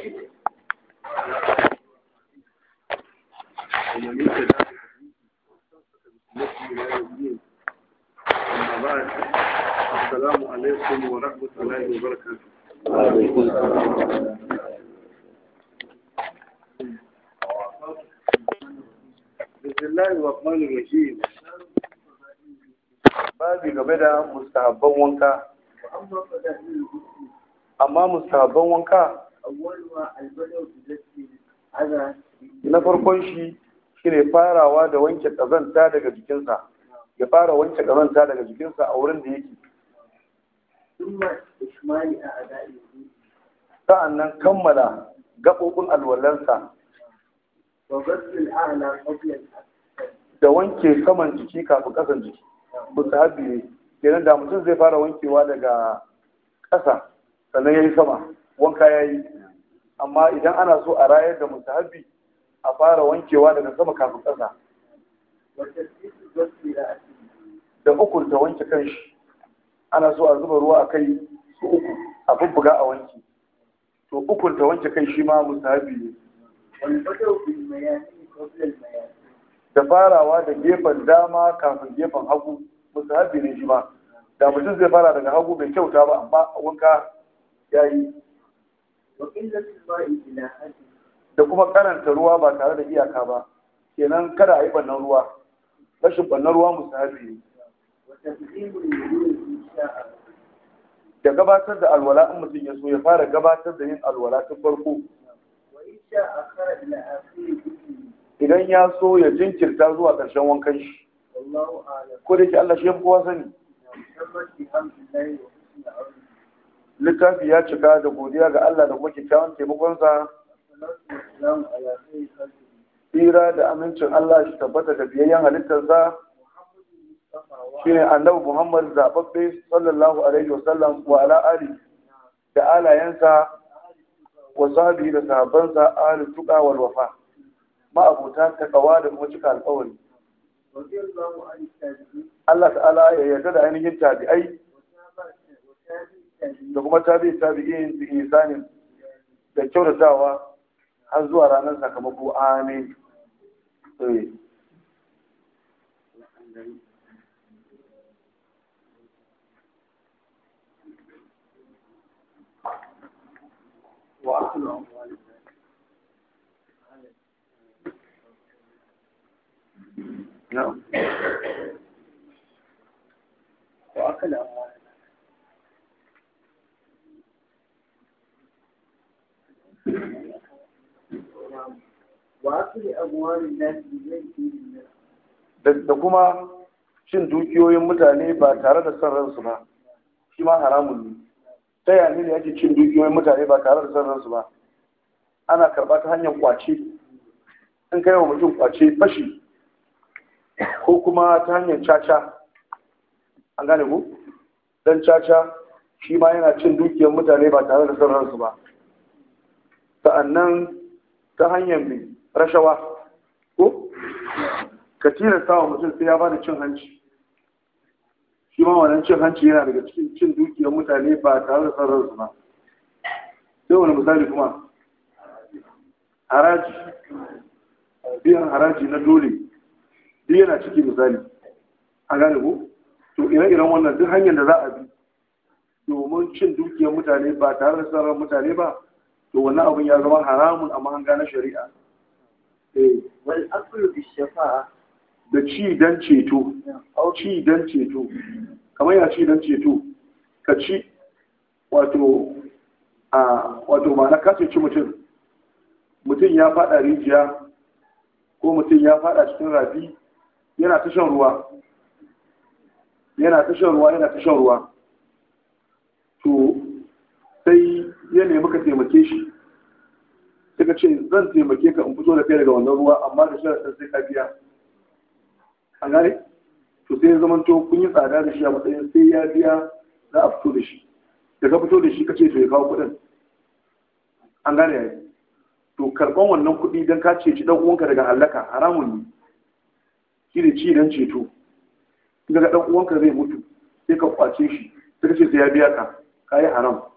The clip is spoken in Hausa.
السلام عليكم game da mustahabban wanka amma mustahabban wanka na farkon shi shine farawa da wanke kazanta daga jikinsa ya fara wanke kazanta daga jikinsa a wurin da yake nan kammala gaɓoɓin alwalansa da wanke saman jiki kafin ƙasan jiki musahabi ne kenan da mutum zai fara wankewa daga ƙasa sannan ya yi sama wanka ya yi amma idan ana so a rayar da mutahabi a fara wankewa daga sama kafin ƙasa da uku ta wanke kan shi ana so a zuba ruwa a kai su uku a bubbuga a wanke to ukun ta wanke kan shi ma mutahabi ne da farawa da gefen dama kafin gefen hagu mutahabi ne shi ma da mutum zai fara daga hagu bai kyauta ba amma wanka ya yi da kuma karanta ruwa ba tare da iyaka ba kenan kada a yi bannan ruwa rashin bannan ruwa ne da gabatar da alwala in mutum ya so ya fara gabatar da yin alwala ta farko idan ya so ya jinkirta zuwa ƙarshen wankan shi ko da ke Allah shi ya fi kowa sani littafi ya cika da godiya ga Allah da kuma kyakkyawan taimakonsa tsira da amincin Allah shi tabbata da biyayyen halittarsa shi ne annabi Muhammad zaɓaɓɓe sallallahu alaihi wasallam wa ala ali da alayensa wa sahabi da sahabbansa ahli tuqa wal wafa ta kawa da kuma cika alƙawari Allah ta'ala ya yarda da ainihin tabi'ai da kuma tabi tabi'in bi insanin da kyautatawa har zuwa ranar sakamako amin eh. da kuma cin dukiyoyin mutane ba tare da son ransu ba shi ma haramun ne ta yanzu ne yake cin dukiyoyin mutane ba tare da son ransu ba ana karɓa ta hanyar kwace in kai wa mutum kwace fashi ko kuma ta hanyar caca an gane ku dan caca shi ma yana cin dukiyar mutane ba tare da son ransu ba nan ta hanyar mai rashawa ko ka cire sawa mutum sai ya ba da cin hanci shi ma wannan cin hanci yana daga cikin cin dukiyar mutane ba tare da sarar su ba sai wani misali kuma haraji biyan haraji na dole duk yana ciki misali a gane ko to ire-iren wannan duk hanyar da za a bi domin cin dukiyar mutane ba tare da sarar mutane ba to wannan abin ya zama haramun a mahanga na shari'a eh. wal aklu bi shafa'a da ci dan ceto au ci dan ceto kamar ya ci dan ceto ka ci wato a wato ma na kace ci mutum mutum ya fada rijiya ko mutum ya fada cikin rafi yana ta shan ruwa yana ta shan ruwa yana ta shan ruwa to sai ya nemi ka taimake shi sai ka ce zan taimake ka in fito da kai daga wannan ruwa amma da sharaɗin sai ka biya A gane to sai ya to kun yi tsada da shi a matsayin sai ya biya za a fito da shi da ka fito da shi ka ce to ya kawo kuɗin an gane yayi to karɓan wannan kuɗi don ka ceci ɗan uwanka daga hallaka haramun ne shi da ci don ceto daga ɗan uwanka zai mutu sai ka kwace shi sai ka ce sai ya biya ka ka yi haram